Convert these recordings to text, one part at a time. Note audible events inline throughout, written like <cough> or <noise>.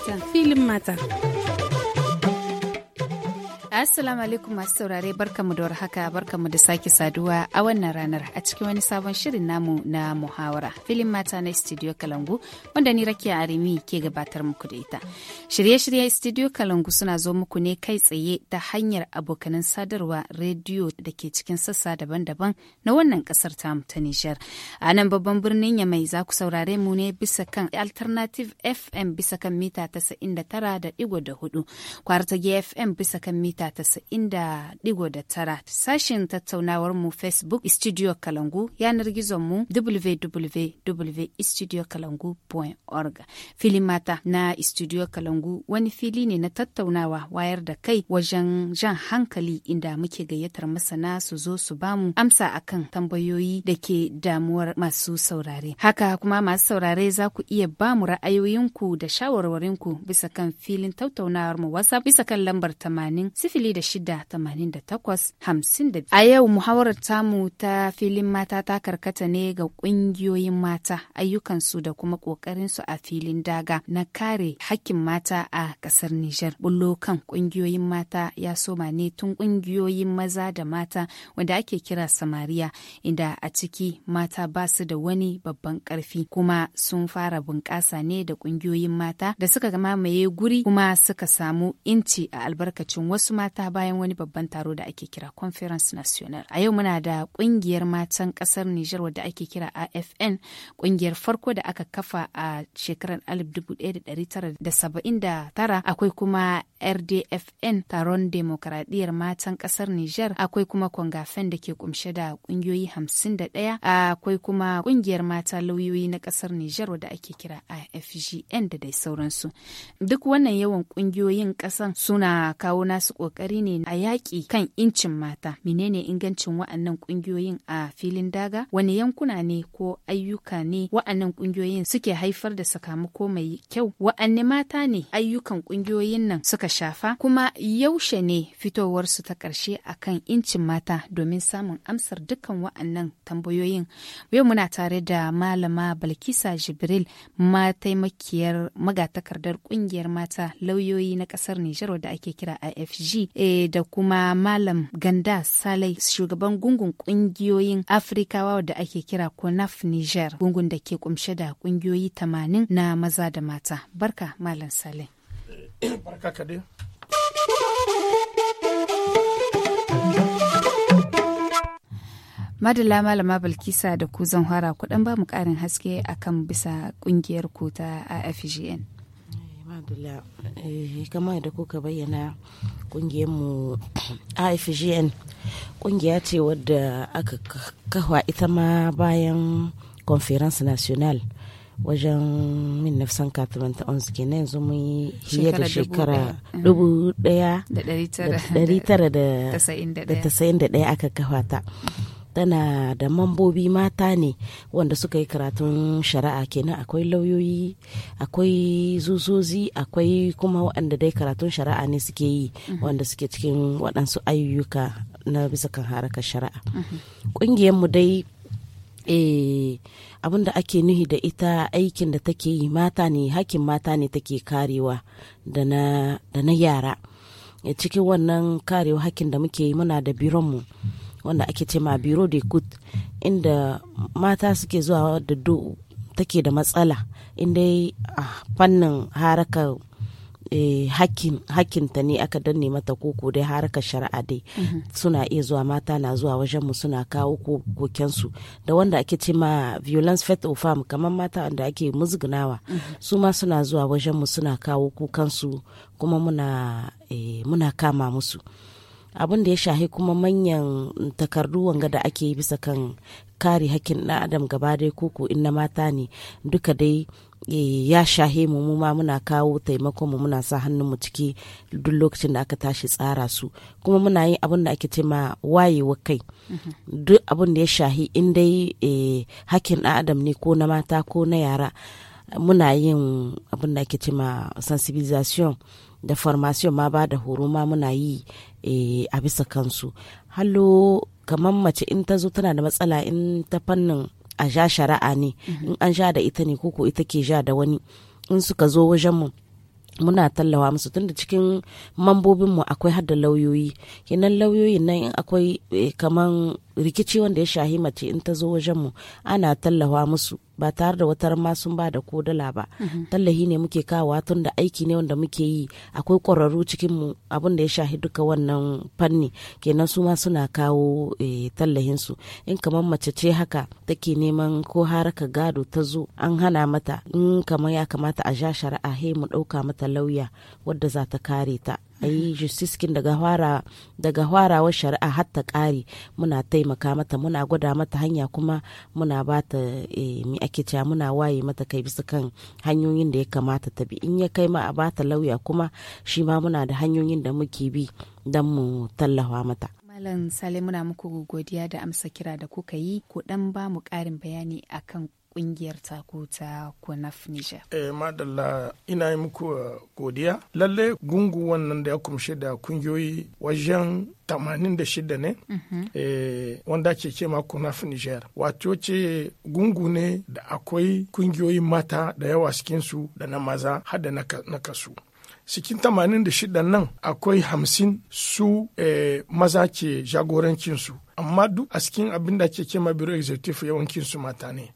mata filin mata Assalamu alaikum masu saurare barkamu da warhaka barkamu da sake saduwa a wannan ranar a cikin wani sabon shirin namu na muhawara filin mata na studio Kalangu wanda ni Rakiya Arimi ke gabatar muku da ita. Shirye-shirye studio Kalangu suna zo muku ne kai tsaye ta hanyar abokanan sadarwa rediyo da ke cikin sassa daban-daban na wannan kasar ta ta Nijar. A nan babban birnin Yamai za ku saurare mu ne bisa kan Alternative FM bisa kan mita 99.4 kwarta FM bisa kan mita da tara sashen tattaunawar mu Facebook Studio Kalangu yanar gizon mu www.studiokalangu.org filin mata na Studio Kalangu wani fili ne na tattaunawa wayar da kai wajen jan hankali inda muke gayyatar masana su zo su bamu amsa akan tambayoyi da ke damuwar masu saurare. Haka kuma masu saurare za ku iya bamu ra'ayoyinku da shawarwarinku bisa kan filin tattaunawar mu WhatsApp bisa kan lambar tamanin 80 sifili da A yau muhawarar tamu ta filin mata ta karkata ne ga ƙungiyoyin mata ayyukansu da kuma ƙoƙarinsu a filin daga na kare hakkin mata a ƙasar Nijar. Bullo kan ƙungiyoyin mata ya soma ne tun ƙungiyoyin maza da mata wanda ake kira samariya inda a ciki mata ba su da wani babban ƙarfi kuma sun fara bunƙasa ne da ƙungiyoyin mata da suka mamaye guri kuma suka samu inci a albarkacin wasu mata mata bayan wani babban taro da ake kira Conference National. A yau muna da kungiyar matan kasar Nijar wadda ake kira AFN, kungiyar farko da aka kafa a shekarar 1979 akwai kuma rdfn taron demokradiyyar matan kasar nijar akwai kuma kwangafen da ke kumshe da kungiyoyi hamsin da ɗaya akwai kuma kungiyar mata lauyoyi na kasar nijar Wadda ake kira afgn da dai sauransu duk wannan yawan kungiyoyin kasan suna kawo nasu kokari ne a yaƙi kan incin mata menene ingancin wa'annan kungiyoyin a filin daga wani yankuna ne ko ayyuka ne wa'annan kungiyoyin suke haifar da sakamako mai kyau wa'anne mata ne ayyukan kungiyoyin nan suka shafa kuma yaushe ne fitowarsu ta ƙarshe a kan incin mata domin samun amsar dukkan wa'annan tambayoyin. Yau muna tare da Malama Balkisa Jibril mataimakiyar magatakardar ƙungiyar mata lauyoyi na ƙasar Nijar da ake kira IFG e, eh, da kuma Malam Ganda Salai shugaban gungun ƙungiyoyin Afrikawa da ake kira Konaf Nijar gungun da ke kumshe da ƙungiyoyi 80 na maza da mata. Barka Malam Salai. <coughs> barka madalla malama balkisa da ku zan hara dan ba mu karin haske akan bisa kungiyar ku ta afgn eh, madalla eh, kamar da kuka bayyana <coughs> a afgn kungiya ce wadda aka kawa ita ma bayan conference national wajen 1991 kenan yanzu mun yi fiye da shekara 1991 mm. aka kafa ta tana da mambobi mata ne wanda suka yi karatun shari'a kenan akwai lauyoyi akwai zuzozi akwai kuma waɗanda dai karatun shari'a ne suke yi mm-hmm. wanda suke cikin waɗansu ayyuka na bisa kan harakar shari'a mm-hmm. ƙungiyarmu dai eh, abin da ake nuhi da ita aikin da take yi mata ne hakin mata ne take karewa da na yara eh, cikin wannan karewa hakin da muke yi muna da mu wanda ake ce ma biro de kut inda mata suke zuwa da take da matsala inda a fannin harakar Eh, ta ne aka danne mata koko dai harkar shari'a dai mhm. suna iya zuwa mata na zuwa wajen mu suna kawo kokensu da wanda ake ce ma violence fat of farm kamar mata wanda ake musgunawa mhm. su ma suna zuwa wajen mu suna kawo kukansu kuma muna eh, muna kama musu abin da ya shahi kuma manyan takardu wanga da ake yi bisa kan kare hakkin na adam gaba dai koko in na mata ne duka dai E, ya shahe mu mu ma muna kawo taimakon mu muna sa hannun mu ciki duk lokacin da aka tashi tsara su kuma muna yin abin da ake ce ma wayewa kai mhm. duk abin da ya shahi in dai e, hakkin ɗan adam ne ko na mata ko na yara muna yin abin da ake ce ma sensibilisation da formation ma ba da horo ma muna yi e, a bisa kansu hallo kamar mace in ta zo tana da matsala in ta fannin a ja shari'a ne mhm. in an sha da ita ne koko ita ke ja da wani in suka zo wajenmu, muna tallawa musu tunda cikin mambobinmu akwai hada lauyoyi kenan lauyoyin nan in akwai eh, kaman rikici wanda ya shahi mace in ta zo wajenmu ana tallawa musu ba tare da wata ma sun ba da ko dala ba mhm. tallahi ne muke kawo tun da aiki ne wanda muke yi akwai ƙwararru cikin mu abin da ya shahi duka wannan fanni kenan su ma suna kawo eh, tallahin su in kamar mace ce haka take neman ko haraka gado ta zo an hana mata in kamar ya kamata a sha shari'a he mu ɗauka mata lauya wadda za ta kare ta ayi yi justiskin daga fara shari'a hatta ta muna taimaka mata muna gwada mata hanya kuma muna ba ta eh, mi ake cewa muna waye mata kai bisa kan hanyoyin da ya kamata ta bi in ya kai ma a ba ta lauya kuma shi ma muna da hanyoyin da muke bi don mu tallafa mata Malam Sale muna muku godiya da amsa kira da kuka yi, ku ɗan ba mu ƙarin bayani akan kungiyar taku ta kunaf niger eh madalla ina yi muku uh, godiya lalle gungu wannan da ya kumshe da kungiyoyi wajen 86 ne mhm. eh, wanda ke ce ma kunaf niger wato ce gungu ne da akwai kungiyoyi mata da yawa cikinsu da na maza har da na kasu cikin tamanin shidan nan akwai hamsin su eh, maza ke jagorancinsu amma duk a cikin abin da ke kema biro executive yawancin su mata ne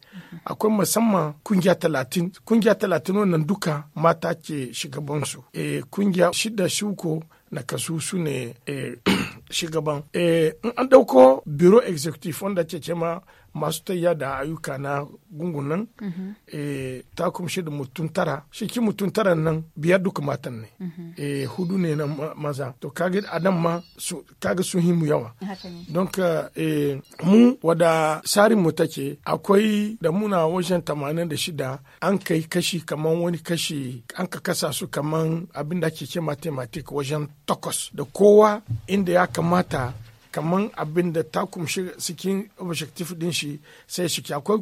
akwai musamman kungiya talatin kungiya talatin wannan duka mata ke shugabansu e, kungiya shida shuko na kasu su ne eh, <clears throat> shugaban eh, in an dauko biro executive wanda ke kema masu tayya da ayyuka na gungun nan mhm. eh, ta kumshi da mutum tara ki mutum tara nan biyar duka matan ne mhm. eh, hudu ne na maza to kaga a nan ma su, kaga sun himu yawa don ka e, eh, mu wada sarin mu take akwai da muna wajen tamanin da shida an kai kashi kaman wani kashi an ka kasa su kaman abin da ake ce mathematics wajen takwas da kowa inda ya kamata kamar abin da ta kumshi cikin objektif din shi sai shi akwai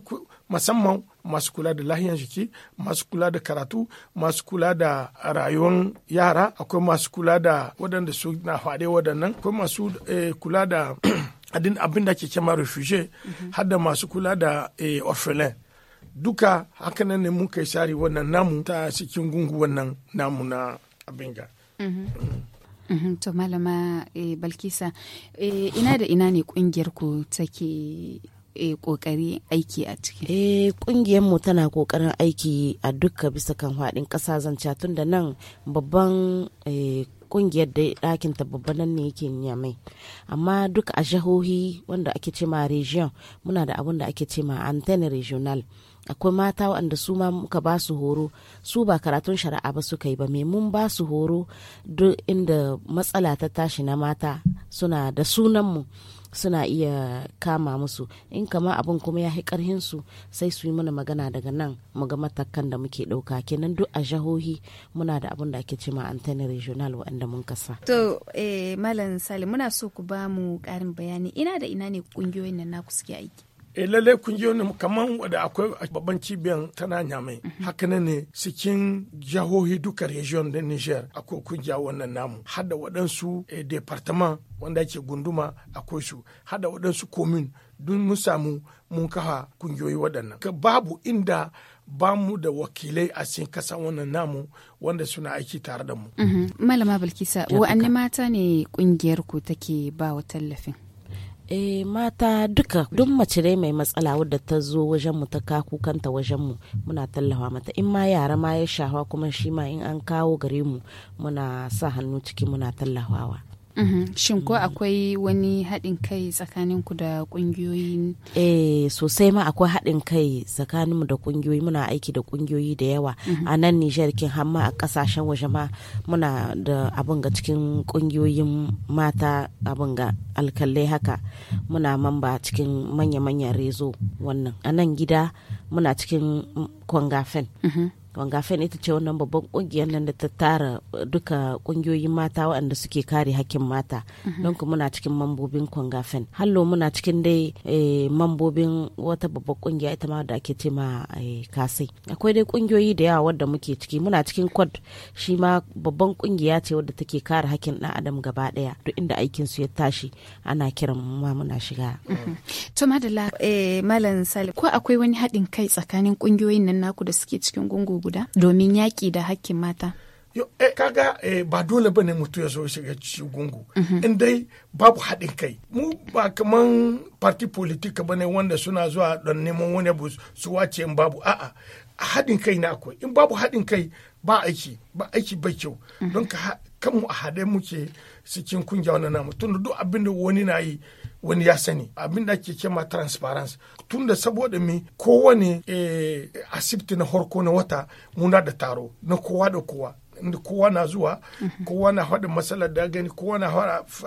musamman masu kula da lahiyar jiki masu kula da karatu masu kula da rayuwar yara akwai masu kula da waɗanda su na faɗe waɗannan akwai masu eh, kula da <clears throat> abin da ke kema refugee mhm. har da masu kula da eh, orphelin duka hakanan ne muka yi sari wannan namu ta cikin gungu wannan namu na abin ga. Mhm. Mm. Mhm, to malama eh, balkisa eh, ina da ina ne kungiyar ku take e, eh, kokari aiki a ciki eh kungiyar mu tana kokarin aiki a duka bisa kan haɗin ƙasa zanca tun da nan babban kungiyar da ɗakin ta babban nan ne yake nyamai amma duka a jihohi wanda ake ce ma region muna da abun da ake ce ma antenne regional akwai mata waɗanda su ma muka ba su horo su ba karatun shari'a ba suka yi ba me mun ba su horo duk inda matsala ta tashi na mata suna da sunanmu suna iya kama musu in kama abin kuma ya karhin su sai su yi mana magana daga nan mu ga matakan da muke ɗauka kenan duk a jahohi muna da abin da ake ce ma antena regional waɗanda mun kasa. to eh, malam salim muna so ku ba mu ƙarin bayani ina da ina ne ƙungiyoyin nan naku suke aiki. e lallai wani kaman wadda akwai babban cibiyar tana nyamai mhm. haka nan ne cikin jihohi duka region da niger akwai kungiya wannan namu hada waɗansu e, departement wanda ake gunduma akwai su hada waɗansu komin dun mun samu mun kafa kungiyoyi waɗannan ka babu inda ba mu da wakilai a cikin kasan wannan namu wanda suna aiki tare da mu mhm. malama bilkisa wa'anne mata ne kungiyar ku take ba wa tallafin eh mata duka duk mace dai mai matsala wadda ta zo wajen mu ta ka kukanta wajen mu muna tallafa mata in ma yara ma ya shawa kuma shi ma in an kawo gare mu muna sa hannu ciki muna tallafawa Mm-hmm. Shin ko akwai wani haɗin kai tsakaninku da ƙungiyoyi? Eh sosai ma akwai haɗin kai tsakaninmu da ƙungiyoyi muna aiki da ƙungiyoyi da yawa. Mm-hmm. A nan Nijar kin hamma a ƙasashen waje ma muna da abin ga cikin ƙungiyoyin mata abin ga alkalai haka muna mamba cikin manya-manyan rezo wannan. A nan gida muna cikin mm, kwangafen. Mm-hmm. wangafen ita ce wannan babban kungiyar nan da ta tara uh, duka kungiyoyin mata waɗanda suke kare hakkin mata mhm. don ku muna cikin mambobin kwangafen hallo muna cikin dai eh, mambobin wata babban kungiya ita ma da ake ce ma eh, kasai akwai dai kungiyoyi da yawa wadda muke ciki muna cikin kwad shi ma babban kungiya ce wadda take kare hakkin ɗan adam gaba ɗaya duk inda aikin su ya tashi ana kiran ma muna shiga mhm. to madalla eh, malam salim ko akwai wani haɗin kai tsakanin kungiyoyin nan naku da suke cikin gungu guda domin yaƙi da hakkin mata yo eh, kaga eh, ba dole ba ne mutu ya zo shiga gungu mm in dai babu haɗin kai mu ba kamar parti politika ba ne wanda suna zuwa don neman wani abu su wace in babu a'a haɗin kai na akwai in babu haɗin kai ba aiki ba aiki ba kyau mhm. don ka kanmu a haɗe muke cikin kungiya wani namu tun duk abin da wani na yi wani ya sani abin da ake kema transparency tunda saboda mi kowane e, asibiti na harko na wata muna da taro na kowa da kowa inda kowa na zuwa mhm. kowa na haɗa matsalar da gani kowa na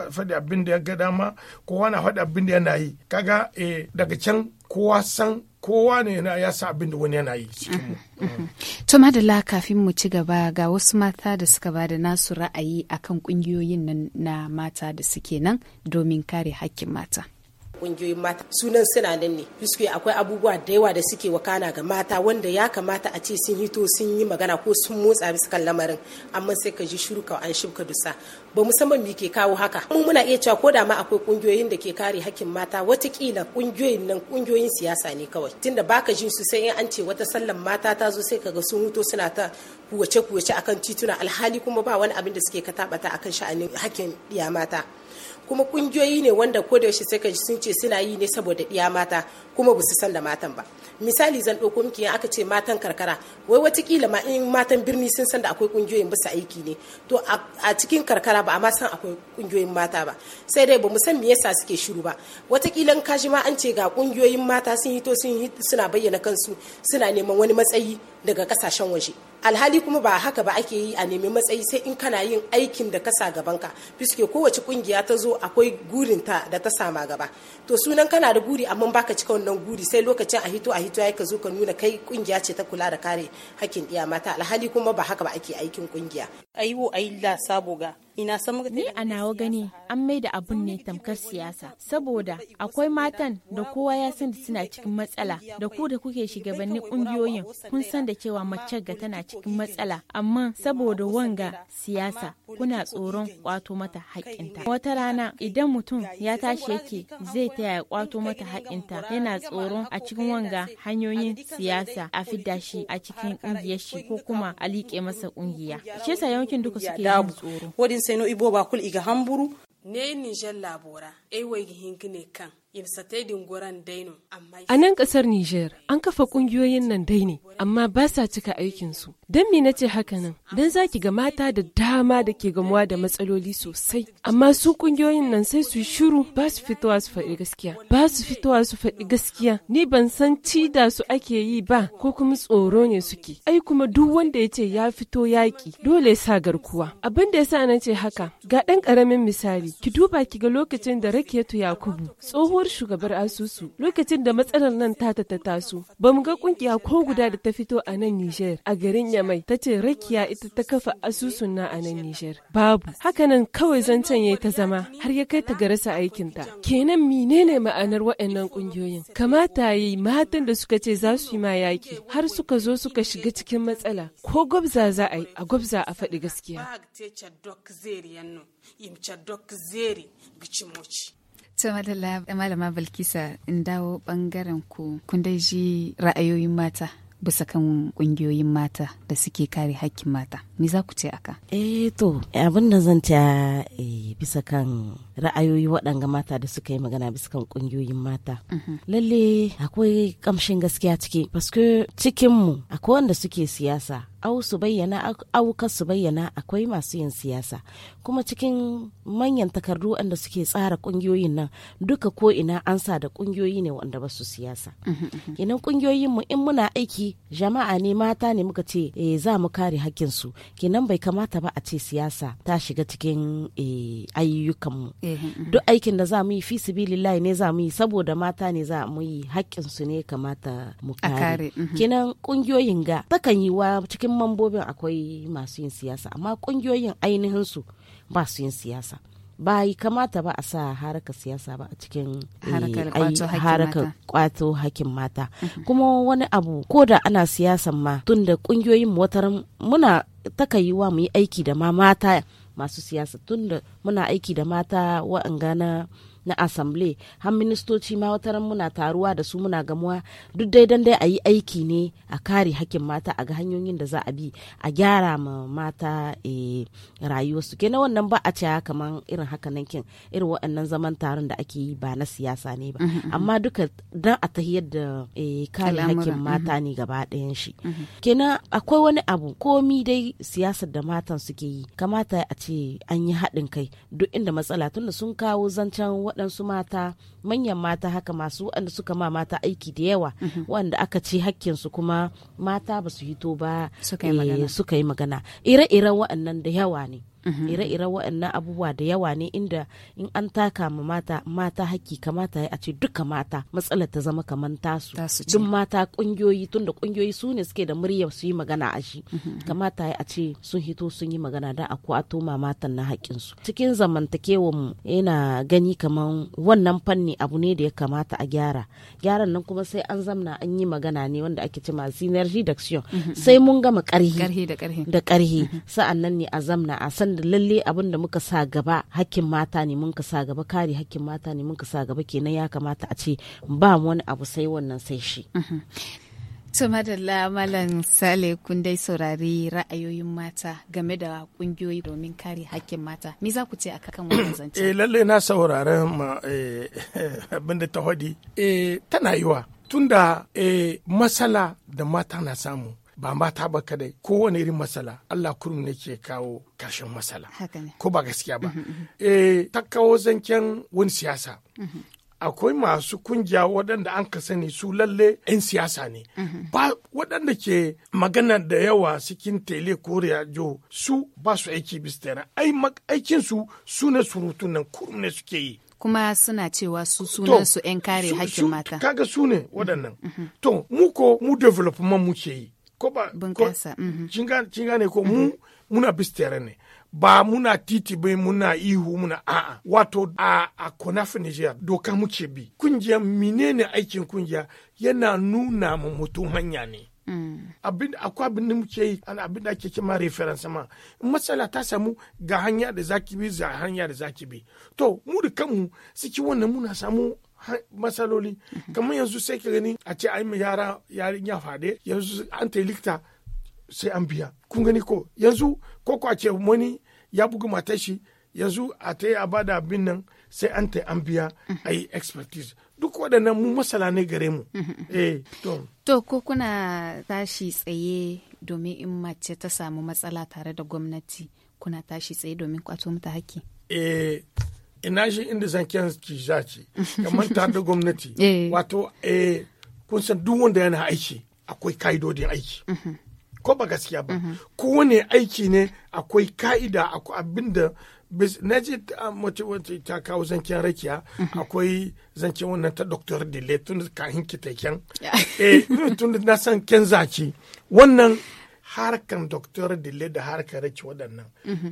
faɗi abin da ya ga dama kowa na haɗa abin da yana yi kaga e, daga can kowa san kowa ne yana ya sa abin da wani yana yi cikin mu. To madalla kafin mu ci gaba ga wasu mata da suka ba da nasu ra'ayi akan kungiyoyin nan na mata da suke nan domin kare hakkin mata. kungiyoyin mata sunan suna nan ne biskui akwai abubuwa da yawa da suke wakana ga mata wanda ya kamata a ce sun hito sun yi magana ko sun motsa bisa kan lamarin amma sai ka ji shiru ka an shibka dusa ba san me ke kawo haka mu muna iya cewa ko da ma akwai kungiyoyin da ke kare hakkin mata watakila kungiyoyin nan kungiyoyin siyasa ne kawai tunda baka jin su sai in an ce wata sallan mata ta zo sai kaga sun hito suna ta kuwace kuwace akan tituna alhali kuma ba wani abin da suke ka tabata akan sha'anin hakkin iya mata kuma kungiyoyi ne wanda ko da sai ka sun ce suna yi ne saboda iya mata kuma ba su san da matan ba misali zan ɗauko miki in aka ce matan karkara wai watakila ma in matan birni sun san da akwai kungiyoyin basu aiki ne to a cikin karkara ba a ma san akwai kungiyoyin mata ba sai dai ba mu san me yasa suke shiru ba watakila in kaji ma an ce ga kungiyoyin mata sun yi to sun suna bayyana kansu suna neman wani matsayi daga kasashen waje alhali kuma ba haka ba ake yi a nemi matsayi sai in kana yin aikin da kasa sa gabanka fiske kowace kungiya ta zo akwai gurin ta da ta sama gaba to sunan kana da guri amma baka cika wannan guri sai lokacin a hito a hito ya ka zo ka nuna kai kungiya ce ta kula da kare hakkin iya mata alhali kuma ba haka ba ake aikin kungiya ayiwo ayi la saboga Ni a nawa gani an mai da abun ne tamkar siyasa saboda akwai matan da kowa ya san da suna cikin matsala da ku da kuke shugabannin kungiyoyin kun san da cewa mace ga tana cikin matsala amma saboda wanga siyasa kuna tsoron kwato mata haƙƙinta. Wata rana idan mutum ya tashi yake zai taya ya kwato mata haƙƙinta yana tsoron a cikin wanga hanyoyin siyasa a fidda shi a cikin ƙungiyar shi ko kuma a liƙe masa ƙungiya. Shi yasa yankin duka suke yin tsoro. sai no ibo ba kul iga hamburu ne ni jella bora e wai gi hinkine kan A nan ƙasar Nijar, an kafa ƙungiyoyin nan dai ne, amma ba sa cika aikinsu. Don me na ce haka nan? Don za ki ga mata da dama da ke gamuwa da matsaloli sosai, amma su ƙungiyoyin nan sai su shiru ba su fitowa su faɗi gaskiya. Ba su fitowa su faɗi gaskiya, ni ban san ci da su ake yi ba ko kuma tsoro ne suke. Ai kuma duk wanda ya ce ya fito yaƙi dole ya sa garkuwa. Abin da ya sa na ce haka, ga ɗan ƙaramin misali, ki duba ki ga lokacin da Rakiyatu Yakubu, tsoho tsohuwar shugabar asusu lokacin da matsalar nan ta ta taso ba mu ga kungiya ko guda da ta fito a nan Nijar a garin Yamai ta ce rakiya ita ta kafa asusun na a nan Nijar babu haka nan kawai zancen yayi ta zama har ya kai ta ga rasa ta kenan menene ma'anar waɗannan kungiyoyin kamata yi matan da suka ce za su yi ma yaki har suka zo suka shiga cikin matsala ko gwabza za a yi a gwabza a faɗi gaskiya. ya malama Balkisa, in dawo bangaren ku kun dai ji ra'ayoyin mata bisa kan kungiyoyin mata da suke kare hakkin mata. Me za ku ce aka? Eh to, abin da zan ta eh, bisa kan ra'ayoyi waɗanga mata da suka yi magana bisa kan kungiyoyin mata. Mhm. Lalle akwai kamshin gaskiya ciki, paske cikinmu akwai wanda suke siyasa au su bayyana au su bayyana akwai masu yin siyasa kuma cikin manyan takardu wanda suke tsara kungiyoyin nan duka ko ina an sa da kungiyoyi ne wanda ba su siyasa mhm, mhm. kenan kungiyoyin mu in muna aiki jama'a ne mata ne muka ce e, za mu kare hakkin su kenan bai kamata ba a ce siyasa ta shiga cikin e, ayyukan mu eh, mhm, duk aikin da za mu yi fi sibilillahi ne za mu yi saboda mata ne za mu yi hakkin su ne kamata mu kare kenan kungiyoyin ga takan yi wa cikin mambobin akwai masu yin siyasa amma kungiyoyin ainihin su ba su yin siyasa ba yi kamata ba a sa haraka siyasa ba a cikin eh, harakar kwato hakin mata mhm. kuma wani abu ko da ana siyasan ma tun da kungiyoyin motar muna takayiwa mu yi aiki da ma mata masu siyasa tun da muna aiki da mata wa'anga na na asamble har ministoci ma wata ran muna taruwa da su muna gamuwa duk dai dan dai a yi aiki ne a kare hakkin mata a ga hanyoyin da za a bi a gyara ma mata e, rayuwarsu kenan wannan ba a caya kaman irin haka nan kin irin waɗannan zaman taron da ake yi ba na siyasa ne ba mm-hmm, mm-hmm. amma duka dan a tahiyar da e, kare hakkin mm-hmm. mata ne gaba ɗayan shi akwai wani abu komi dai siyasar da matan suke yi kamata a ce an yi haɗin kai duk inda matsala tunda sun kawo zancen waɗansu mata manyan mata haka masu waɗanda suka ma mata aiki da yawa mhm. waɗanda aka ce hakkinsu kuma mata ba su hito ba suka yi magana eh, ire-iren waɗannan da yawa ne Mm-hmm. ire-iren waɗannan abubuwa da yawa ne inda in an taka ma mata mata haƙƙi kamata ya a ce duka mata matsalar ta zama kamar tasu duk mata ƙungiyoyi tunda ƙungiyoyi su ne suke da muryar su yi magana a shi mm-hmm, mm-hmm. kamata ya a ce sun hito sun yi magana da a kwato ma matan na haƙƙin su cikin zamantakewan mu yana gani kamar wannan fanni abu ne da ya kamata a gyara gyaran nan kuma sai an zamna an yi magana ne wanda ake cema synergy sai mun gama ƙarhi da ƙarhi sa'an nan ne a zamna a san da lalle abin da muka sa gaba hakkin mata ne mun ka sa gaba kare hakkin mata ne mun ka sa gaba kenan ya kamata a ce ba wani abu sai wannan sai shi mhm. To madalla Malam Sale kun dai saurari ra'ayoyin mata game da kungiyoyi domin kare hakkin mata. Me za ku ce a kan wannan <coughs> zance? Eh lalle na saurare ma eh, <laughs> abin da ta hodi Eh tana yiwa tunda eh masala da mata na samu ba ma ta ba kadai kowane irin masala Allah kurum ne ke kawo karshen masala ko ba gaskiya ba mhm, mhm. eh ta kawo zancen wani siyasa mhm. akwai masu kungiya waɗanda an ka sani su lalle 'yan siyasa ne ba waɗanda ke magana da yawa cikin tele ko jo su ba su aiki bistera ai aikin su su ne surutun nan kurum ne suke yi kuma suna cewa su suna su 'yan kare hakkin mata kaga su ne waɗannan to mu ko mu development muke yi ko ba bunƙasa mhm. kin gane ko mu mhm. muna bistiyar ne ba muna titi bai muna ihu muna a'a wato a a konafi Nigeria doka muke bi kungiya menene aikin kungiya yana nuna mu mutum hanya ne mm. abin akwai abin da muke yi abin da ake kima reference ma matsala ta samu ga hanya da zaki bi za hanya da zaki bi to mu da kanmu suke wannan muna samu matsaloli kamar yanzu sai ka gani a ce ai ma yara yarin ya fade yanzu an ta likta sai an biya kun gani ko yanzu ko ko a ce wani ya bugu matar shi yanzu a ta yi a da abin nan sai an ta an biya a yi expertise duk waɗannan mu masala ne gare mu mhm. eh to to ko kuna tashi tsaye domin in mace ta samu matsala tare da gwamnati kuna tashi tsaye domin kwato mata haƙƙi eh ina shi inda kyan ki zaci kamar ta da gwamnati <laughs> eh. wato eh kun san duk wanda yana aiki akwai ka'idodin aiki mhm. ko ba gaskiya ba mhm. ko wani aiki ne akwai ka'ida akwai abin da na ji mace ta kawo zancen rakiya mhm. akwai zancen wannan ta doktor dile tun kahin kitaken <laughs> eh tun na san ken zaki wannan harkan doktor dille da harkar rake waɗannan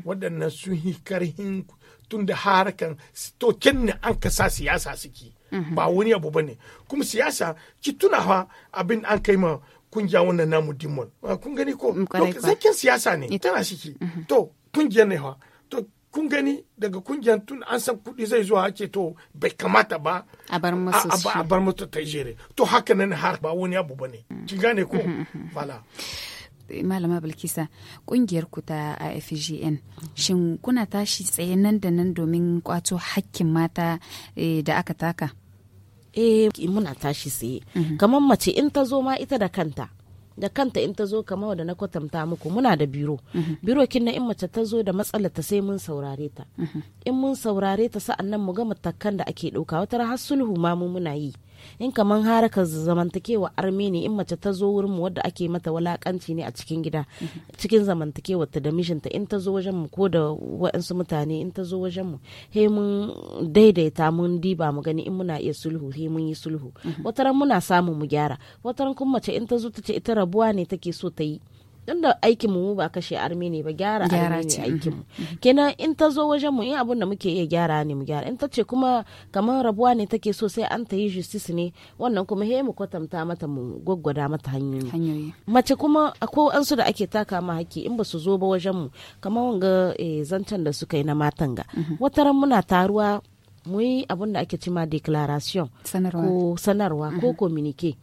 waɗannan sun yi karhin tun da harkan token ne an kasa siyasa suke ba wani abu ba ne kuma siyasa ki tuna fa abin an kai ma kungiya wannan namu dimon ah, kun gani ko mm, zakin siyasa ne tana shiki mm-hmm. to kungiyar ne fa to kun gani daga kungiyar tun an san kuɗi zai zuwa ake to bai kamata ba a bar mutu ta jere to haka nan har ba wani abu ba ne mm. kin gane ko fala mm-hmm, mm-hmm. malama bilkisa kungiyar ku ta afgn shin kuna tashi tsaye nan da nan domin kwato hakkin mata eh, da aka taka eh muna tashi tsaye mhm. kamar mace in ta zo ma ita da kanta da kanta in ta zo kama da na kwatanta muku muna da biro biro kin in mace ta zo da matsala ta sai mun saurare ta in mun saurare ta sa'an nan mu ga matakan da ake ɗauka wata har sulhu ma mu muna yi in kaman haraka zamantakewa armeni in mace ta zo wurin mu wadda ake mata walakanci ne a cikin gida cikin zamantakewa ta da ta in ta zo wajen mu ko da wa'ansu mutane in ta zo wajen mu he mun daidaita mun diba mu gani in muna iya sulhu he mun yi sulhu wataran muna samu mu gyara wataran kuma mace in ta zo ta ce ita rabuwa ne take so ta yi don da aikin mu ba kashe armi ne ba gyara armi ne aikin mu mm-hmm. Mm-hmm. kenan in ta zo wajen mu in abin da muke iya gyara ne mu gyara in ta ce kuma kamar rabuwa ne take so sai an ta yi justice ne wannan kuma he mu kwatanta mata mu gwaggwada mata hanyoyi mace kuma akwai an su da ake taka ma haƙƙi in ba su zo ba wajen mu kamar wanga eh, zancen da suka yi na matan ga mm-hmm. wataran muna taruwa mu yi da ake cima declaration ko sanarwa ko communique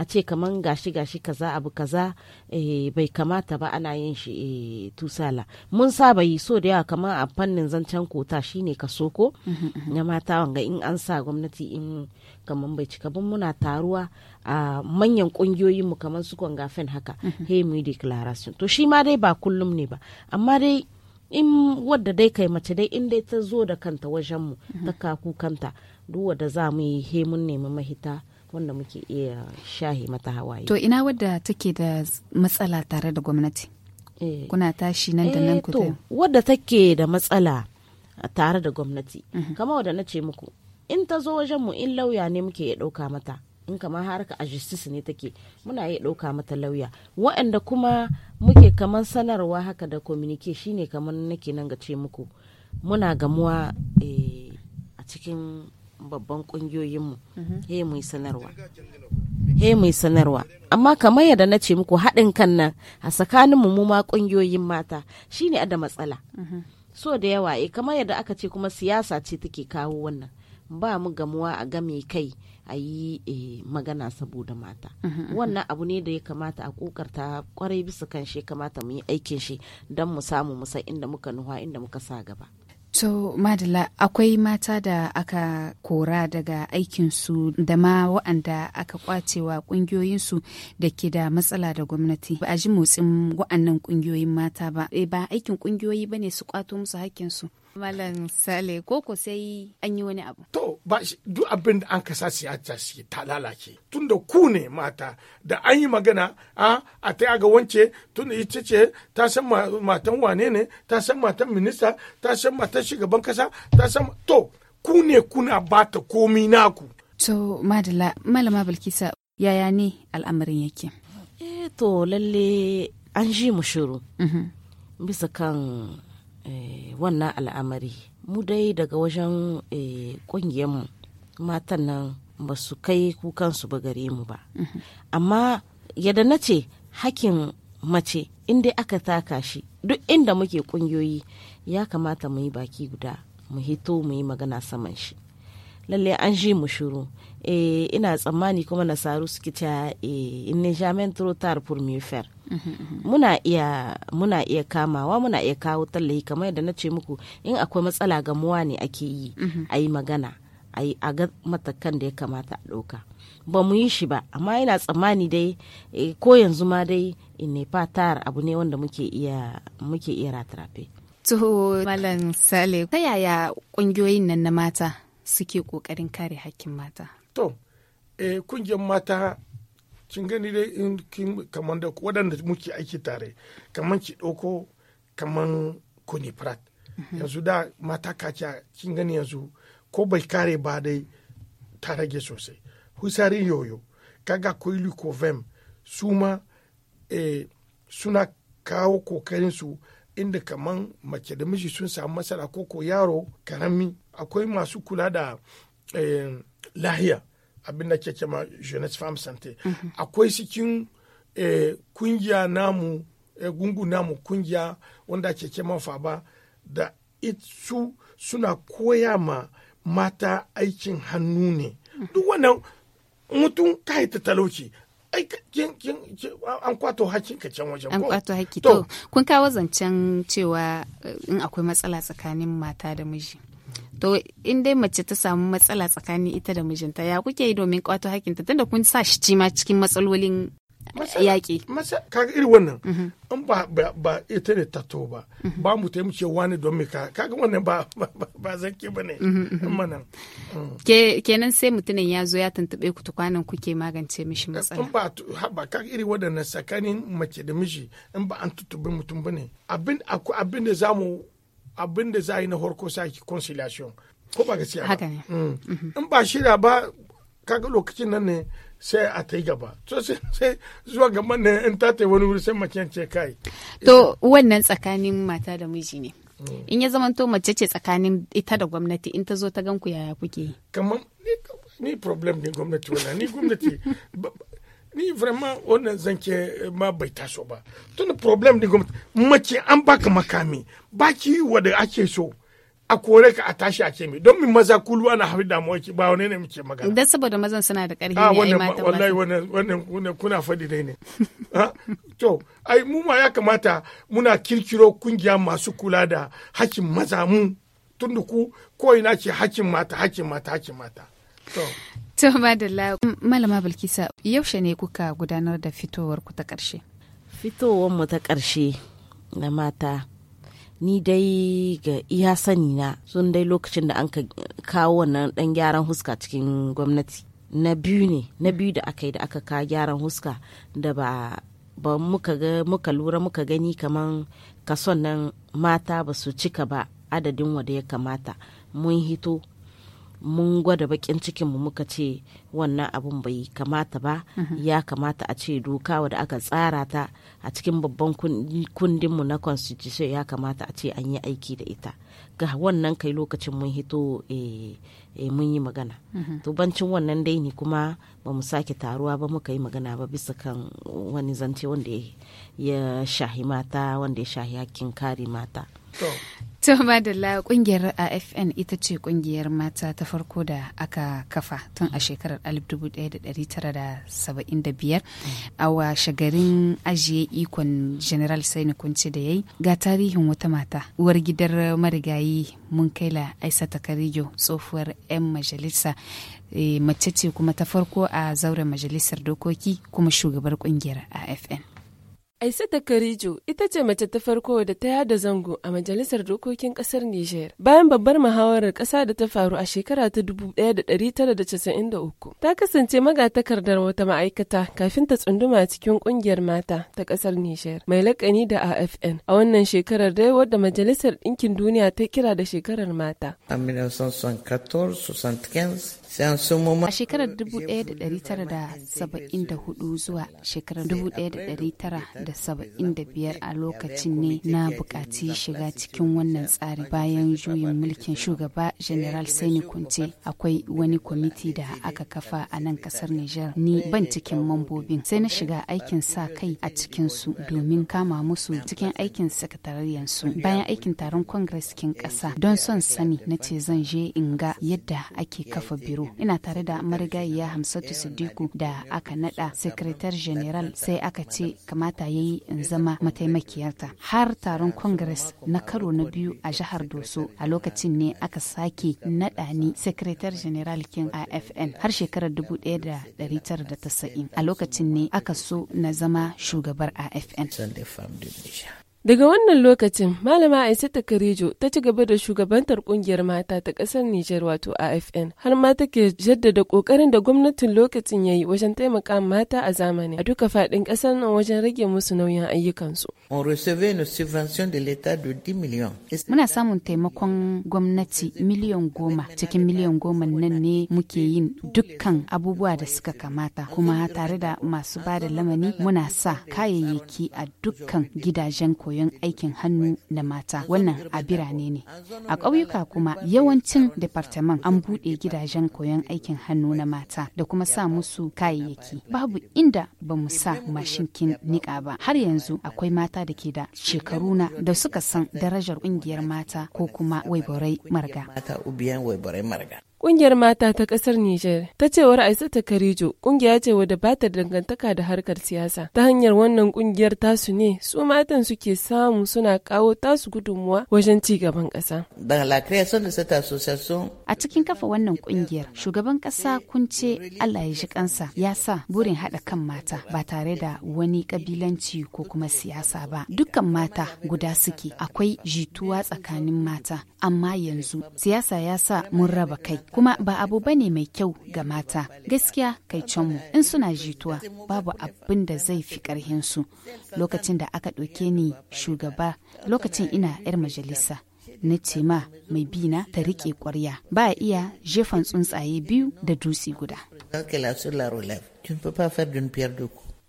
a ce kaman gashi gashi kaza abu kaza eh, bai kamata ba ana yin shi eh, tusala mun saba yi so da yawa kamar a fannin zancen kota shine kaso ko mm-hmm. na mata wanga in an sa gwamnati in kaman bai cika ban muna taruwa a manyan kungiyoyin mu kaman su kongafen haka mm-hmm. hey mu declaration to shi ma dai ba kullum ne ba amma dai in wadda dai kai mace dai in dai ta zo da kanta wajen mu ta mm-hmm. kaku kanta duk wadda za mu yi he mun nemi mahita wanda muke iya shahi mata hawaye to ina wadda take da matsala tare da gwamnati eh. kuna tashi nan da nan eh, ku to wadda take da matsala tare da gwamnati mhm. kamar wadda na ce muku in ta zo wajen mu in lauya ne muke ya ɗauka mata in kama harka a justice ne take muna ya ɗauka mata lauya waɗanda kuma muke kamar sanarwa haka da communique shine kaman nake nan ga ce muku muna gamuwa eh, a cikin babban kungiyoyinmu mhm. he mu sanarwa he mu sanarwa amma kamar yadda na ce muku haɗin kan nan a tsakaninmu mu ma kungiyoyin mata shine ada matsala mhm. so da yawa eh kamar yadda aka ce kuma siyasa ce take kawo wannan ba mu gamuwa a game kai a yi eh, magana saboda mata mhm, wannan abu ne da ya kamata a kokarta kwarai bisa kan shi kamata mu yi aikin shi don mu samu musa, inda muka nuha inda muka sa gaba To Madala akwai mata da aka kora daga aikinsu da ma wa'anda aka kwacewa kungiyoyinsu da ke da matsala da gwamnati. Ba a ji motsin wa'annan kungiyoyin mata ba. Eh, ba aikin kungiyoyi ba ne su kwato musu hakkinsu. Malam Sale ko ko sai an yi wani abu. To ba duk abin da an kasa siyasa shi ta lalace tunda ku ne mata da an yi magana a a ta ga wance tunda ita ce ta san matan wane ne ta san matan minista ta san matan shugaban kasa ta san to ku ne kuna bata komi naku. To madala malama Bilkisa yaya ne al'amarin yake? Eh to lalle an ji mu shiru. Mhm. Bisa kan Eh, wannan al'amari mu dai daga wajen eh, mu matan nan ba su kai kukansu ba gare mu ba mhm. amma yadda na ce hakin mace inda aka taka shi duk inda muke kungiyoyi ya kamata mu yi baki guda mu hito mu yi magana saman shi lalle an ji mu shiru e, ina tsammani kuma nasaru suke ta e, eh, in jamais trop pour mieux faire mhm, mhm. muna iya muna iya kamawa muna iya kawo tallahi kamar yadda na ce muku in akwai matsala ga muwa ne ake yi mhm. a yi magana a yi a ga matakan da ya kamata a ɗauka ba mu yi shi ba amma ina tsammani dai eh, ko yanzu ma dai ne fatar abu ne wanda muke iya muke iya ratrafe. Tuho Malam Sale, ta yaya ƙungiyoyin nan na mata suke kokarin kare hakkin mata? To, eh, kungiyar mata kin gani dai in kin kamar da waɗanda muke aiki tare kamar ki ɗauko kamar kuni prat mhm. yanzu da mata kaciya kin gani yanzu ko bai kare ba dai ta rage sosai husarin yoyo kaga koili ko vem su ma eh, suna kawo kokarin su inda kaman mace da miji sun samu matsala ko ko yaro karami akwai masu kula da eh, lahiya abinda ke kema jeunesse femme santé mhm. akwai cikin eh, kungiya namu eh, gungu namu kungiya wanda ke kema faba da itsu suna koya ma mata aikin hannu ne mhm. duk wannan mutum kai ta talauci ai an kwato ka can wajen an kwato hakki to kun kawo zancen cewa eh, in akwai matsala tsakanin mata da miji to in dai mace ta samu matsala tsakanin ita da mijinta ya kuke yi domin kwato hakinta tunda kun sa shi cima cikin matsalolin yaƙi kaga iri wannan mhm. in ba ba ita ne tato ba mhm. ba mu ta ce wani don me ka kaga wannan ba ba ke ba ne mhm, mana mm. kenan sai mutumin ya zo ya tuntube ku tukwanan kuke magance mishi matsala in ba ba kaga iri wadannan tsakanin mace da miji in ba an tutube mutum ba ne abin abin da zamu abin da za yi na horko saki conciliation ko ba gaskiya ba haka mm. in ba shirya ba kaga lokacin nan ne sai a ta yi gaba to sai zuwa ga manna in ta ta wani wuri sai macen ce kai to wannan tsakanin mata da miji ne mm. in ya zama to mace ce tsakanin ita da gwamnati in ta zo ta ganku yaya kuke yi kamar ni problem ne gwamnati wannan ni gwamnati <laughs> ni vraiment wannan zanke eh, ma bai taso ba tun problem ne gwamnati mace an baka makami baki wanda ake so a kore ka a tashi a mai don min maza kulu ana hafi damuwa ki ba wani ne muke magana dan saboda mazan suna da karfi ah, ne ai mata wallahi wannan wannan kuna fadi dai ne to ai mu ma ya kamata muna kirkiro kungiya masu kula da hakkin maza mu tunda ku ko ina ce hakkin mata hakkin mata hakkin mata to to madalla malama bilkisa yaushe ne kuka gudanar da fitowar ku ta karshe fitowar mu ta karshe na mata ni dai ga iya sani na sun dai lokacin da an kawo wannan dan gyaran huska cikin gwamnati na biyu ne na hmm. biyu da aka yi da aka ka gyaran huska da ba ba muka ga muka lura muka gani kaman kason nan mata ba su cika ba adadin wada ya kamata mun hito mun gwada bakin cikinmu muka ce wannan abun bai kamata ba mhm. ya kamata a ce doka wadda aka tsara ta a cikin babban kundinmu na constitution ya kamata a ce an yi aiki da ita ga wannan kai lokacin mun hito eh, eh, mun yi magana mhm. to bancin wannan dai ne kuma ba mu sake taruwa ba muka yi magana ba bisa kan wani zance wanda ya shahi mata wanda ya shahi hakkin kare mata To madalla kungiyar AFN ita ce kungiyar mata ta farko da aka kafa tun a shekarar 1975 a washe garin ajiye ikon General Saini kunci da yayi ga tarihin wata mata uwar gidar marigayi mun kaila Aisata Karijo tsofuwar 'yan majalisa eh, mace ce kuma ta farko a zauren majalisar dokoki kuma shugabar kungiyar AFN. Aisata Karijo ita ce mace ta farko da ta yada zango a Majalisar Dokokin ƙasar Nijar bayan babbar muhawarar ƙasa da ta faru a shekara ta 1993. Ta kasance magatakardar wata ma'aikata kafin ta tsunduma cikin ƙungiyar mata ta ƙasar Nijar mai lakani da AFN a wannan shekarar dai wadda Majalisar Ɗinkin Duniya ta kira da shekarar mata. A 1974 A shekarar 1974 zuwa shekarar 1975 a lokacin ne na bukaci shiga cikin wannan tsari bayan juyin mulkin shugaba General Sani Kunce akwai wani kwamiti da aka kafa a nan kasar Nijar ni ban cikin mambobin sai na shiga aikin sa kai a cikin su domin kama musu cikin aikin sakatariyar su bayan aikin taron Congress kin kasa don son sani na ce zan je in ga yadda ake kafa biro Kairu ina tare da marigayiya Hamsatu Siddiku da aka nada Sekretar General sai aka ce kamata ya yi in zama mataimakiyarta. Har taron Congress na karo na biyu a jihar Doso a lokacin ne aka sake nada ni Sekretar General Kin AFN har shekarar 1990. A lokacin ne aka so na zama shugabar AFN. Daga wannan lokacin, Malama Aisata Karejo ta ci gaba da shugabantar kungiyar mata ta ƙasar Nijar wato AFN, har ma take jaddada ƙoƙarin da gwamnatin lokacin ya yi wajen taimaka mata a zamani a duka faɗin ƙasar nan wajen rage musu nauyin ayyukansu. Muna samun taimakon gwamnati miliyan goma cikin miliyan goma nan ne muke yin dukkan abubuwa da suka kamata kuma tare da masu ba da lamani muna sa kayayyaki a dukkan gidajen koyon aikin hannu na mata wannan a birane ne a ƙauyuka kuma yawancin departaman an buɗe gidajen koyon aikin hannu na mata da kuma sa musu kayayyaki babu inda ba mu sa mashinkin niƙa ba har yanzu akwai mata da ke da shekaru na da suka san darajar ƙungiyar mata ko kuma waiborai marga Ƙungiyar mata ta ƙasar Nijar ta cewar ta Karijo ƙungiya ce wadda ba ta dangantaka da harkar siyasa. Ta hanyar wannan ƙungiyar tasu ne su matan suke samu suna kawo tasu gudunmuwa wajen ci gaban ƙasa. A cikin kafa wannan ƙungiyar shugaban ƙasa kunce Allah ya ji kansa ya sa burin haɗa kan mata ba tare da wani ƙabilanci ko kuma siyasa ba. Dukkan mata guda suke akwai jituwa tsakanin mata amma yanzu siyasa ya sa mun raba kai. kuma ba abu ba ne mai kyau ga mata gaskiya kai mu in suna jituwa babu abin da zai fi su lokacin da aka ɗauke ni shugaba lokacin ina 'yar majalisa na ce ma mai bina ta riƙe ƙwarya ba a iya jefan tsuntsaye biyu da dutse guda.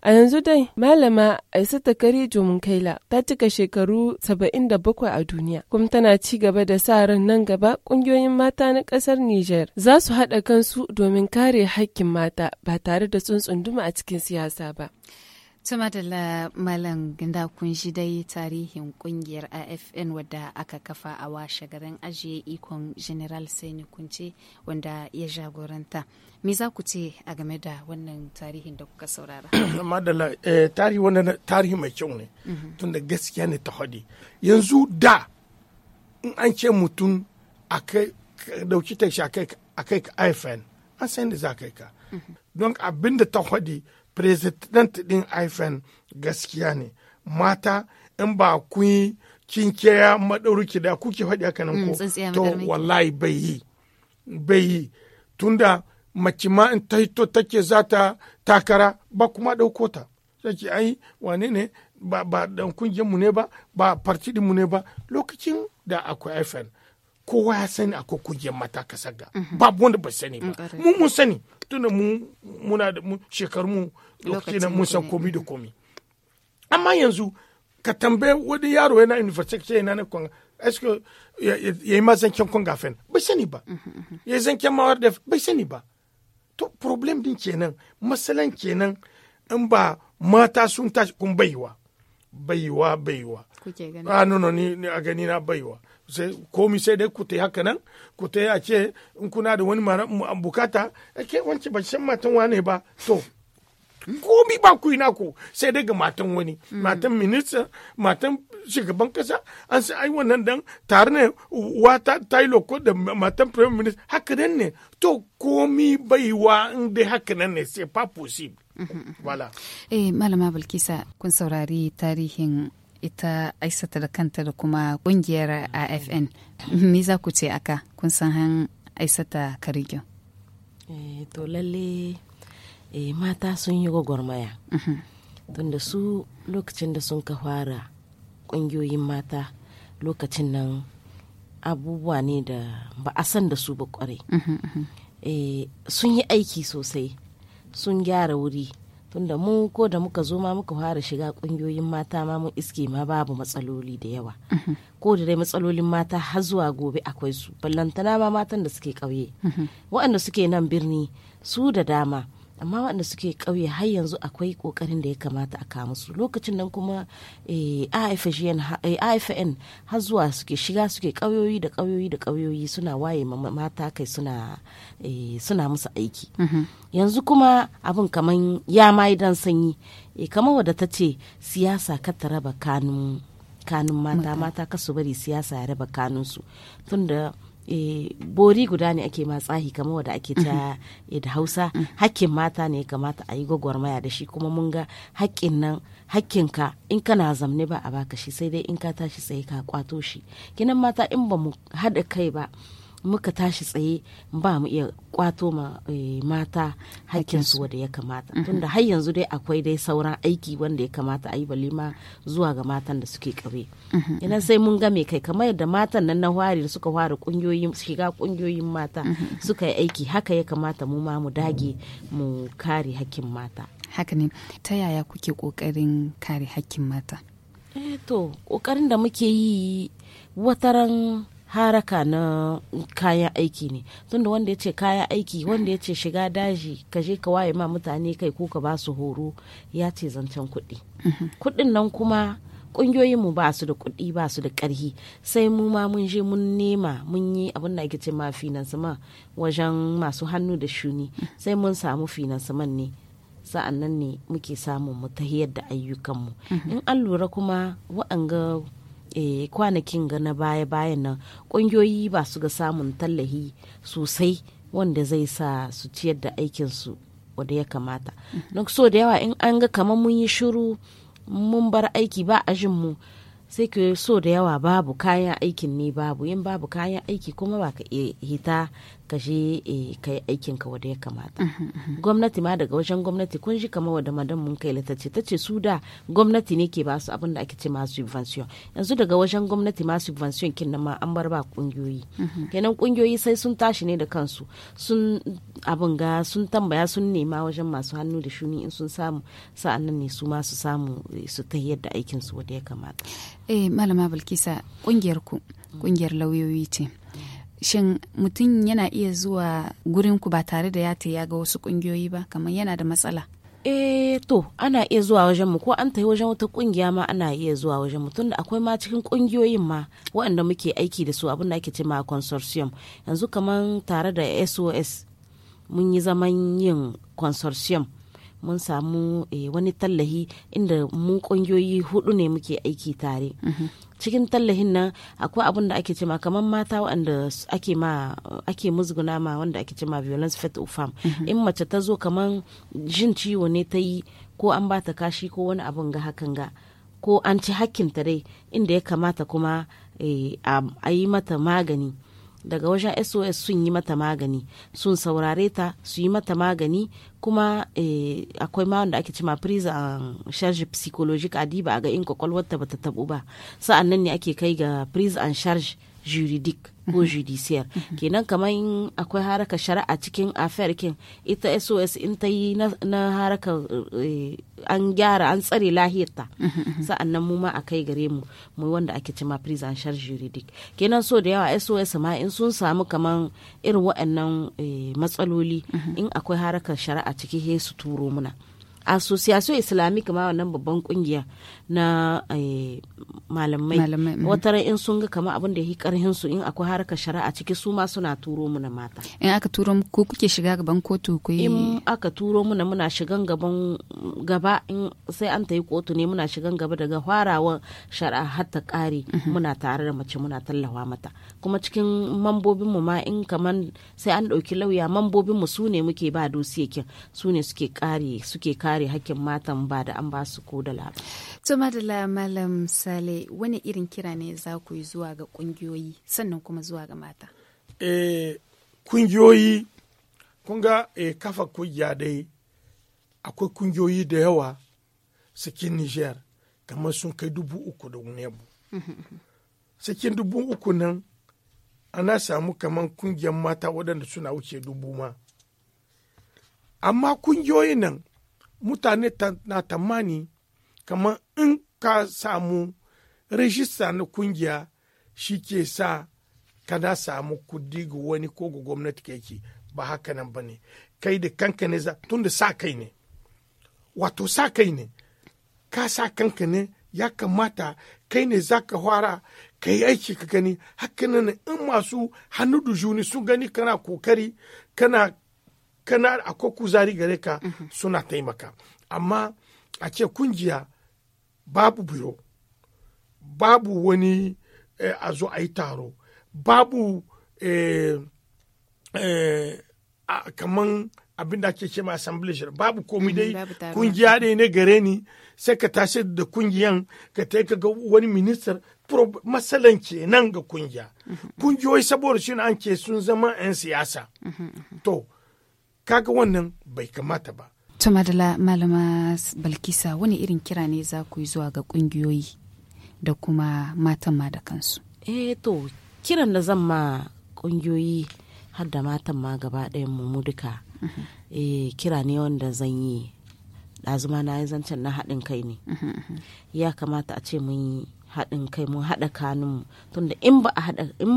A yanzu dai Malama Aisata Karejo Munkaila ta cika shekaru 77 a duniya, kuma tana ci gaba da sa ran nan gaba ƙungiyoyin mata na ƙasar Nijar za su haɗa kansu domin kare haƙƙin mata ba tare da tsuntsun duma a cikin siyasa ba. Tuma da Malam Ginda kun shi dai tarihin kungiyar AFN wadda aka kafa a washe garin ajiye ikon General Sani Kunce wanda ya jagoranta. Me za ku ce a game da wannan tarihin da kuka saurara? <coughs> Madalla eh, tarihi wannan tarihi mai kyau ne mhm. tunda gaskiya ne ta hadi. Yanzu da in an ce mutum a kai dauki ta shi a kai AFN an san da za kai ka. Mhm. Don abin da ta hadi president din ifen gaskiya ne mata in ba kun yi kinkiyar ki da kuke faɗi haka nan ko mm, to wallahi bai yi bai yi tunda mace ma in ta hito take za ta takara ba kuma ɗauko ta sai ai wane ne ba ba dan kungiyar mu ne ba ba partidin mu ne ba lokacin da akwai ifen kowa ya sani a kogiyar mata ka saga mhm. babu wanda ba sani ba mm, mu mun sani tunda mu muna da mu shekaru mu lokacin mun san komi da komi amma yanzu ka tambaye wani yaro yana university yana na kwan eske ya yi ma kyan kwan gafen ba sani ba mhm, mhm. ya yi zancen mawar da ba sani ba to problem din kenan masalan kenan in ba mata sun tashi kun baiwa baiwa baiwa a ah, nono ni a gani na baiwa sai komi sai dai ku ta haka nan ku ta a ce in kuna da wani mara bukata ake eh, wance ba san matan wane ba to komi ba ku ina ku sai dai ga matan wani mm. matan minista matan shugaban kasa an sai ai wannan dan tare ne wa ta tailo ko da matan prime minister haka nan ne to komi baiwa in dai haka nan ne sai pa possible wala mm-hmm. eh malama bilkisa kun saurari tarihin ita aisata da kanta da kuma kungiyar afn me za ku ce aka kun san han aisata karigyo eh, to lalle eh, mata sun yi gwagwarmaya mhm. tunda su lokacin da sun ka fara kungiyoyin mata lokacin nan abubuwa ne da ba a san da su ba kwarai mhm, mhm. eh, sun yi aiki sosai sun gyara wuri tunda mu ko da muka zo ma muka fara shiga kungiyoyin mata ma mun iske ma babu matsaloli da yawa mhm. ko da dai matsalolin mata har zuwa gobe akwai su ballantana ma matan da suke ƙauye mhm. waɗanda suke nan birni su da dama amma waɗanda suke ƙauye har yanzu akwai ƙoƙarin da ya kamata a kama su lokacin nan kuma eh, afn eh, har zuwa suke shiga suke ƙauyoyi da ƙauyoyi da ƙauyoyi suna waye mata kai suna eh, musu aiki mm-hmm. yanzu kuma abin kaman ya ma dan sanyi kamar wadda ta ce siyasa ka ta raba kanun mata mata kasu bari siyasa ya raba kanunsu tunda Eh, bori guda ne ake ma tsahi kamar wadda ake ta mhm. eh, da hausa mhm. hakkin mata ne kamata a yi gwagwarmaya da shi kuma mun ga hakkin nan hakkinka in kana zamne ba a baka shi sai dai in ka tashi tsaye ka kwato shi kinan mata in ba mu haɗa kai ba muka tashi tsaye ba mu iya kwato ma eh, mata su wadda ya kamata mhm. tunda har yanzu dai akwai dai sauran aiki wanda ya kamata a yi bale ma zuwa ga matan da suke ƙauye mhm. idan sai mun ga game kai kamar yadda matan nan na hwari suka hwari kungiyoyin shiga kungiyoyin mata mhm. suka yi aiki haka ya kamata mu ma mu dage mu kare hakkin mata haka ne ta yaya kuke kokarin kare hakkin mata eh to kokarin da muke yi wataran haraka na kayan aiki ne tunda wanda ya ce kayan aiki wanda ya ce shiga daji ka je ka waye ma mutane kai ko ka ba su horo ya ce zancen kuɗi mhm. kuɗin nan kuma ƙungiyoyinmu ba su da kuɗi ba su da ƙarhi sai mu ma mun je mun nema mun yi abin da ake ce ma finansaman wajen masu hannu da shuni sai mun samu finansaman ne sa'an nan ne muke samun mu ta da ayyukanmu mhm. in an lura kuma wa'anga eh kwanakin ga na baya-bayan nan ƙungiyoyi ba su ga samun tallahi sosai wanda zai sa su ciyar da aikinsu wanda ya kamata don so da yawa in an ga kamar mun yi shuru mun bar aiki ba a mu sai ke so da yawa babu kayan aikin ne babu yin babu kayan aiki kuma ba ka hita ka je eh, ka yi aikin ka wanda ya kamata mhm, mhm. gwamnati ma daga wajen gwamnati kun ji kamar wanda madan mun kai ta ce ta ce su da gwamnati ne ke ba su abin da ake ce ma subvention yanzu daga wajen gwamnati ma subvention kin nan ma an bar ba kungiyoyi mhm. kenan kungiyoyi sai sun tashi ne da kansu sun abin ga sun tambaya sun nema wajen masu hannu da shuni in sun samu sa'annan ne su ma su samu eh, su ta yadda aikin su wanda ya kamata eh malama bilkisa kungiyar mm. ku kungiyar lauyoyi ce shin mutum yana iya zuwa gurinku ba tare da ya ya ga wasu kungiyoyi ba kamar yana da matsala eh to ana iya zuwa wajen mu ko an tafi wajen wata kungiya ma ana iya zuwa wajen mu da akwai ma cikin kungiyoyin ma waɗanda muke aiki da su abin da ake ce ma consortium yanzu kamar tare da SOS mun yi zaman yin consortium mun samu eh, wani tallahi inda mun ƙungiyoyi hudu ne muke aiki tare mhm. cikin tallahin nan akwai abin da ake cema kamar mata wanda ake ma ake musguna ma wanda ake cema violence fet of farm mhm. in mace ta zo kamar jin ciwo ne ta yi ko an ba ta kashi ko wani abin ga hakan ga ko an ci ta dai inda ya kamata kuma eh, a yi mata magani daga wajen sos sun yi mata magani sun saurare ta su yi mata magani kuma eh, akwai ma wanda ake cima prise a um, charge psychologique a diba a ga in kwakwalwarta bata tabu ba sa'an nan ne ake kai ga prise en charge juridic ko mhm. judiciaire mhm. kenan kamar akwai haraka shari'a cikin affair kin ita sos in ta yi na haraka eh, an gyara an tsare lahiyarta mhm, sa'annan mu ma a kai gare mu mu wanda ake cima prison shar juridic kenan so da yawa sos ma in sun samu kamar irin waɗannan eh, matsaloli in akwai harakar shari'a ciki he su turo muna association islamic ma wannan babban kungiya na eh, malamai mhm. wata in sun ga kama abin da ya yi karhin su in akwai harkar shari'a ciki su ma suna turo mu na mata in aka turo mu ko kuke shiga gaban kotu ku yi in aka turo mu na muna shigan gaban gaba in sai an ta yi kotu ne muna shigan gaba daga farawa shari'a har ta kare mhm. muna tare da mace muna tallawa mata kuma cikin mambobin mu ma in kaman sai an dauki lauya mambobin mu su ne muke ba dosiyekin su ne suke kare suke kare kare hakkin matan ba da an ba su ko da laba. malam Sale wani irin kira ne za ku yi zuwa ga kungiyoyi sannan kuma zuwa ga mata? kungiyoyi eh, kun ga eh, kafa kungiya dai akwai kungiyoyi da yawa cikin Niger kamar sun kai dubu uku da unebu Cikin dubu uku nan ana samu kamar kungiyar mata waɗanda suna wuce dubu ma. Amma kungiyoyi nan mutane na tamani kamar in ka samu rajista na kungiya shi ke sa kana samu kudi ga wani ko ga gwamnati kake ba haka nan ba ne kai da kanka ne za tun da sa kai ne wato sa kai ne ka sa kanka ne ya kamata kai ne za ka fara ka yi aiki ka gani haka nan in masu hannu da juni sun gani kana kokari kana kana akwai kuzari gare ka mhm. suna taimaka amma a ce kungiya babu biro babu wani eh, a zo a yi taro babu eh, eh kaman abin da ake ce ma assembly babu komi mhm, dai kungiya dai ne gare ni sai ka tashi da kungiyan ka ta ga wani minister matsalan kenan ga kungiya mhm. kungiyoyi saboda shi an ke sun zama 'yan siyasa to kaga wannan bai kamata ba to madala malama balkisa wani irin kira ne za ku yi zuwa ga kungiyoyi da kuma matan ma da kansu eh to kiran da zan ma kungiyoyi har da matan ma gaba ɗayan mu duka mhm. eh kira ne wanda zan yi ɗazuma na yi zancen na haɗin kai ne mhm, mhm. ya kamata a ce mun yi haɗin kai mu haɗa kanunmu tunda in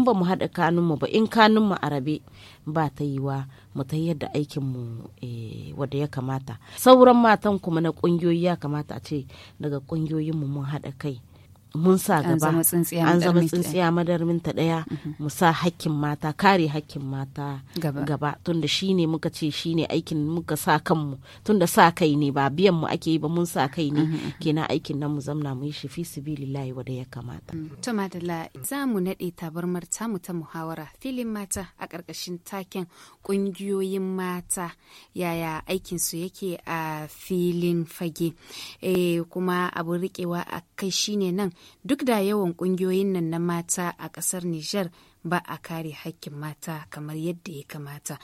ba mu haɗa kanunmu ba in kanunmu a rabe ba ta yiwa mu ta yadda aikinmu mu eh, ya kamata sauran matan kuma na ƙungiyoyi ya kamata a ce daga ƙungiyoyinmu mu mun haɗa kai mun sa gaba an zama tsintsiya ta ɗaya mhm. mu sa hakkin mata kare hakkin mata gaba tunda shi ne muka ce shi ne aikin muka sa kanmu tunda sa kai ne ba biyan mu ake yi ba mun sa kai ne mhm, mhm. kenan aikin nan mu zamna mu yi shi fi sibilillahi da ya kamata. Mm. to madalla za mu naɗe tabarmar tamu ta muhawara filin mata a ƙarƙashin taken ƙungiyoyin mata yaya aikin su yake a filin fage eh, kuma abun riƙewa a kai shine nan duk da yawan ƙungiyoyin nan na mata a ƙasar Nijar ba a kare hakkin mata kamar yadda ya kamata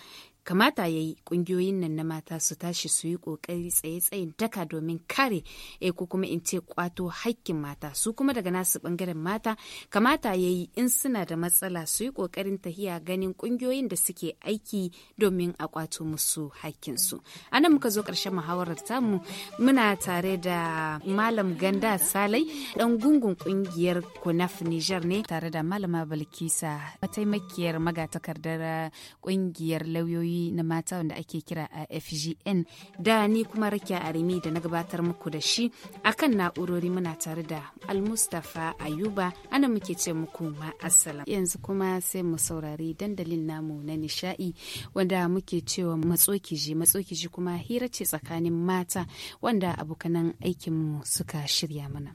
kamata ya yi kungiyoyin nan na mata su tashi su yi kokari tsaye-tsayin daka domin kare e ko kuma in ce kwato hakkin mata su kuma daga nasu bangaren mata kamata ya yi in suna da matsala su yi kokarin tahiya ganin kungiyoyin da suke aiki domin a kwato musu haƙƙinsu. a nan muka zo ƙarshen muhawarar tamu muna tare da malam ganda salai dan gungun kungiyar kunaf niger ne tare da malama balkisa mataimakiyar magatakardar kungiyar eh, lauyoyi na mata wanda ake kira a FGN da ni kuma rakiya arimi da na gabatar muku da shi akan na'urori muna tare da Almustafa Ayuba ana muke ce muku ma assalam yanzu kuma sai mu saurari dandalin namu na nishaɗi wanda muke cewa matsokiji matsokiji kuma hira ce tsakanin mata wanda abokanan aikinmu suka shirya mana.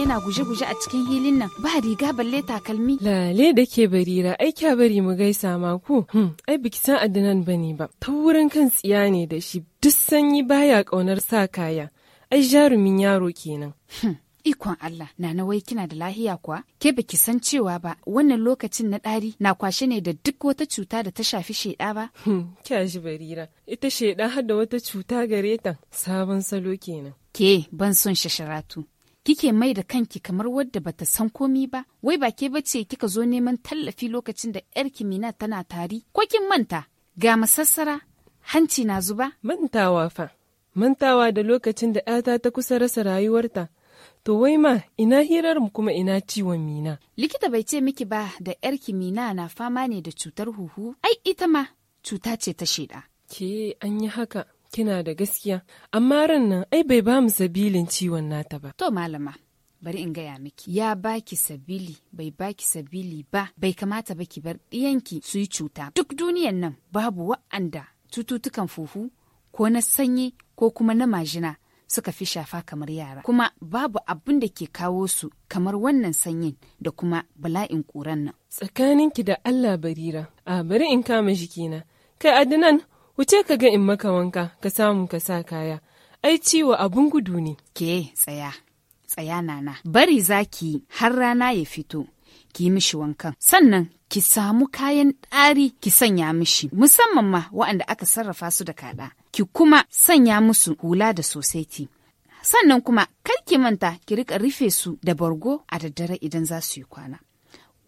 yana guje-guje a cikin hilin nan ba riga balle takalmi. Lale da ke barira ai kya bari mu gaisa ma ku. Hmm, ai biki san Adnan bane ba. Ta wurin kan tsiya ne da shi duk sanyi baya kaunar sa kaya. Ai jarumin yaro kenan. Hmm, ikon Allah, na nawai kina da lahiya kuwa? Ke baki san cewa ba, wannan lokacin na ɗari na kwashe ne da duk wata cuta da ta shafi sheɗa ba? Hmm, kya shi barira, ita sheɗa har da wata cuta gare ta sabon salo kenan. Ke, ban son shasharatu. kike mai da kanki kamar wadda bata san komi ba wai ba ke bace kika zo neman tallafi lokacin da yar kimina tana tari ko kin manta ga masassara hanci na zuba mantawa fa mantawa da lokacin da ‘yata ta kusa rasa rayuwarta to wai ma ina hirar mu kuma ina ciwon mina likita bai ce miki ba da ‘yar kimina na fama ne da cutar huhu ai ita ma cuta ce ta shida ke an yi haka Kina da gaskiya, amma ran nan ai bai ba mu sabilin ciwon nata ba. To malama, bari in gaya miki ya baki sabili bai baki sabili ba bai kamata ba ki bar ɗiyanki su yi cuta duk duniyan nan babu wa'anda cututtukan fufu ko na sanyi ko kuma na majina suka fi shafa kamar yara kuma babu abin da ke kawo su kamar wannan sanyin da kuma bala'in ƙuran nan tsakaninki da allah barira a bari in kama jikina kai adinan Wuce ka ga in maka wanka ka samu ka sa kaya. Ai ciwo abun gudu ne. Ke tsaya, tsaya nana. Bari zaki har rana ya fito. Ki yi mishi wankan. Sannan ki samu kayan ɗari ki sanya mishi musamman ma wa'anda aka sarrafa su da kaɗa ki kuma sanya musu hula da sosai. sannan kuma kar ki manta ki rika rufe su da bargo a daddare idan za su yi kwana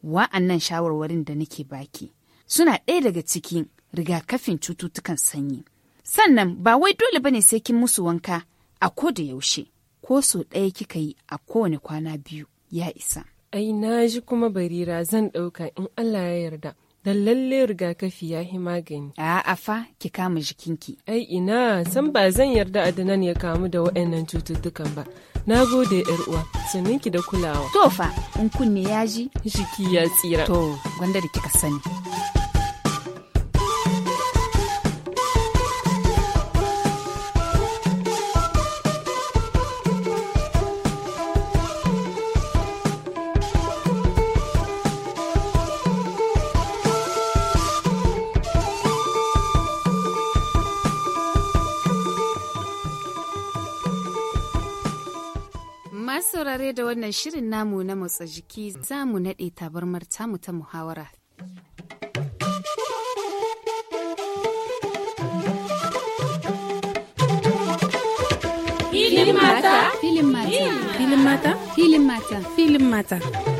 wa'annan shawarwarin da nake baki suna ɗaya daga cikin rigakafin cututtukan sanyi. Sannan ba wai dole bane sai kin musu wanka a ko da yaushe, ko so ɗaya kika yi a kowane kwana biyu ya isa. Ai na ji kuma barira zan ɗauka in Allah ya yarda. da lalle rigakafi ya yi magani. A'a fa ki kama jikinki. Ai ina san ba zan yarda Adnan ya kamu da waɗannan cututtukan ba. Na gode yar uwa, sannan da kulawa. To fa, in kunne ya ji? Jiki ya tsira. To, gwanda da kika sani. saurare da wannan shirin namu na motsa jiki za mu naɗe tabarmar tamu ta muhawara. Filin mata, filin mata, filin mata, filin mata, filin mata.